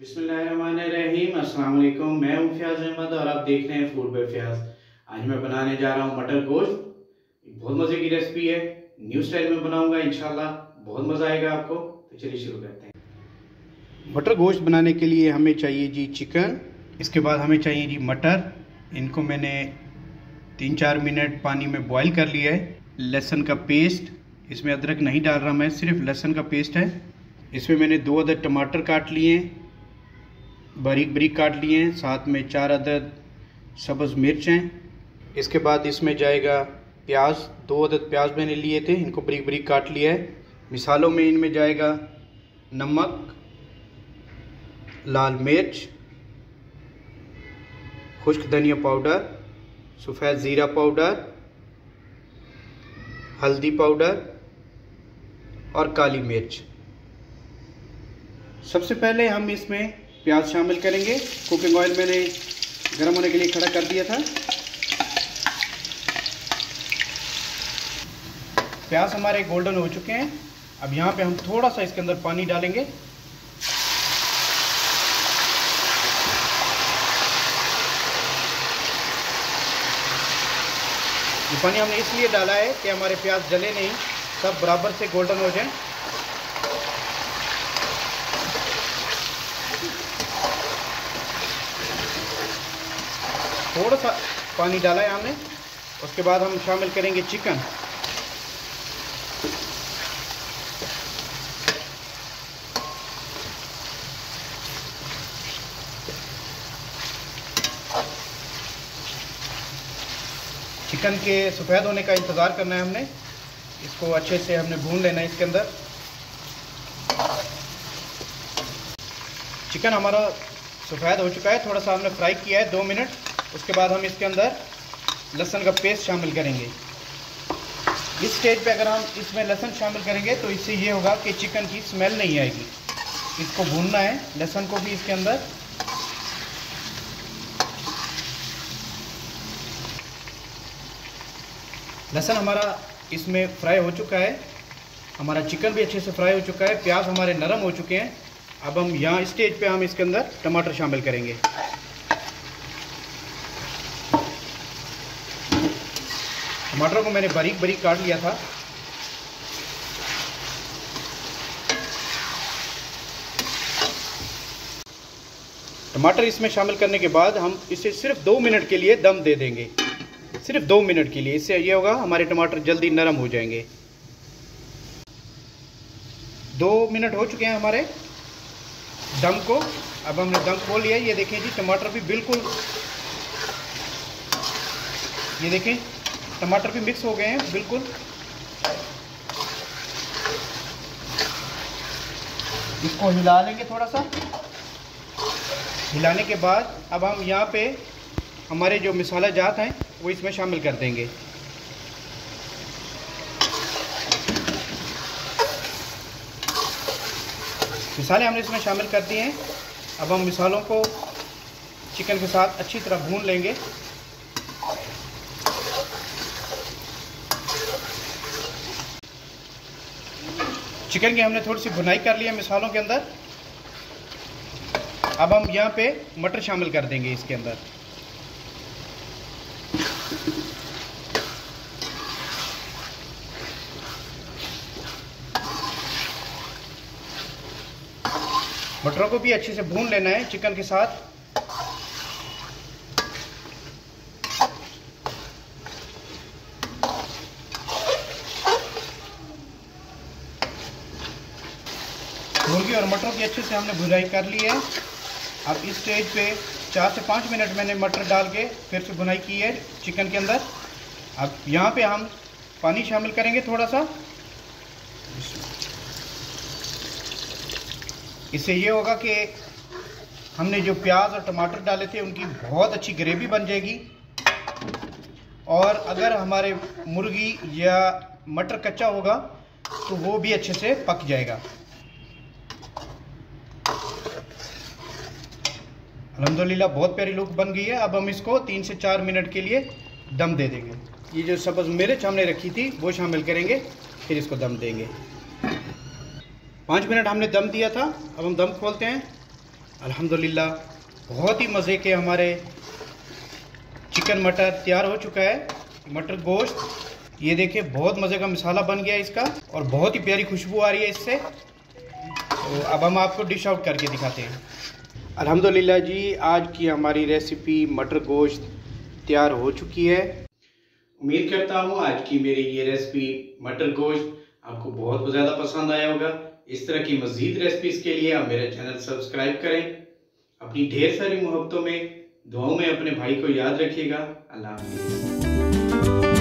बिस्मिल्लाहिर्रहमानिर्रहीम अस्सलाम वालेकुम मैं हूं फयाज अहमद और आप देख रहे हैं फूड बाय फयाज आज मैं बनाने जा रहा हूं मटर गोश्त बहुत मज़े की रेसिपी है न्यू स्टाइल में बनाऊंगा इंशाल्लाह बहुत मज़ा आएगा आपको तो चलिए शुरू करते हैं मटर गोश्त बनाने के लिए हमें चाहिए जी चिकन इसके बाद हमें चाहिए जी मटर इनको मैंने तीन चार मिनट पानी में बॉयल कर लिया है लहसुन का पेस्ट इसमें अदरक नहीं डाल रहा मैं सिर्फ लहसुन का पेस्ट है इसमें मैंने दो अदर टमाटर काट लिए हैं बारीक बारीक काट लिए हैं साथ में चार अदद सब्ज़ मिर्च हैं इसके बाद इसमें जाएगा प्याज दो अदद प्याज मैंने लिए थे इनको बारीक बारीक काट लिया है मिसालों में इनमें जाएगा नमक लाल मिर्च खुश्क धनिया पाउडर सफ़ेद ज़ीरा पाउडर हल्दी पाउडर और काली मिर्च सबसे पहले हम इसमें प्याज शामिल करेंगे कुकिंग ऑयल मैंने गर्म होने के लिए खड़ा कर दिया था प्याज हमारे गोल्डन हो चुके हैं अब यहाँ पे हम थोड़ा सा इसके अंदर पानी डालेंगे ये पानी हमने इसलिए डाला है कि हमारे प्याज जले नहीं सब बराबर से गोल्डन हो जाए थोड़ा सा पानी डाला है हमने उसके बाद हम शामिल करेंगे चिकन चिकन के सफ़ेद होने का इंतज़ार करना है हमने इसको अच्छे से हमने भून लेना है इसके अंदर चिकन हमारा सफ़ेद हो चुका है थोड़ा सा हमने फ्राई किया है दो मिनट उसके बाद हम इसके अंदर लहसन का पेस्ट शामिल करेंगे इस स्टेज पे अगर हम इसमें लहसन शामिल करेंगे तो इससे ये होगा कि चिकन की स्मेल नहीं आएगी इसको भूनना है लहसन को भी इसके अंदर लहसन हमारा इसमें फ्राई हो चुका है हमारा चिकन भी अच्छे से फ्राई हो चुका है प्याज हमारे नरम हो चुके हैं अब हम यहाँ स्टेज पे हम इसके अंदर टमाटर शामिल करेंगे टमाटर को मैंने बारीक बारीक काट लिया था टमाटर इसमें शामिल करने के बाद हम इसे सिर्फ दो मिनट के लिए दम दे देंगे सिर्फ दो मिनट के लिए इससे ये होगा हमारे टमाटर जल्दी नरम हो जाएंगे दो मिनट हो चुके हैं हमारे दम को अब हमने दम खोल लिया ये देखें जी टमाटर भी बिल्कुल ये देखें टमाटर भी मिक्स हो गए हैं बिल्कुल इसको हिला लेंगे थोड़ा सा हिलाने के बाद अब हम यहाँ पे हमारे जो मसाला जात हैं वो इसमें शामिल कर देंगे मिसाले हमने इसमें शामिल कर दिए हैं अब हम मिसालों को चिकन के साथ अच्छी तरह भून लेंगे चिकन की हमने थोड़ी सी भुनाई कर ली है मिसालों के अंदर अब हम यहाँ पे मटर शामिल कर देंगे इसके अंदर मटरों को भी अच्छे से भून लेना है चिकन के साथ गोभी और मटर की अच्छे से हमने भुनाई कर ली है अब इस स्टेज पे चार से पाँच मिनट मैंने मटर डाल के फिर से भुनाई की है चिकन के अंदर अब यहाँ पे हम पानी शामिल करेंगे थोड़ा सा इससे ये होगा कि हमने जो प्याज और टमाटर डाले थे उनकी बहुत अच्छी ग्रेवी बन जाएगी और अगर हमारे मुर्गी या मटर कच्चा होगा तो वो भी अच्छे से पक जाएगा अलहमदिल्ला बहुत प्यारी लुक बन गई है अब हम इसको तीन से चार मिनट के लिए दम दे देंगे ये जो सब्ज़ मिर्च हमने रखी थी वो शामिल करेंगे फिर इसको दम देंगे पाँच मिनट हमने दम दिया था अब हम दम खोलते हैं अल्हम्दुलिल्लाह बहुत ही मज़े के हमारे चिकन मटर तैयार हो चुका है मटर गोश्त ये देखिए बहुत मज़े का मसाला बन गया इसका और बहुत ही प्यारी खुशबू आ रही है इससे तो अब हम आपको डिश आउट करके दिखाते हैं अल्हम्दुलिल्लाह जी आज की हमारी रेसिपी मटर गोश्त तैयार हो चुकी है उम्मीद करता हूँ आज की मेरी ये रेसिपी मटर गोश्त आपको बहुत ज़्यादा पसंद आया होगा इस तरह की मज़ीद रेसिपीज़ के लिए आप मेरा चैनल सब्सक्राइब करें अपनी ढेर सारी मोहब्बतों में दुआओं में अपने भाई को याद रखिएगा अल्लाह हाफिज़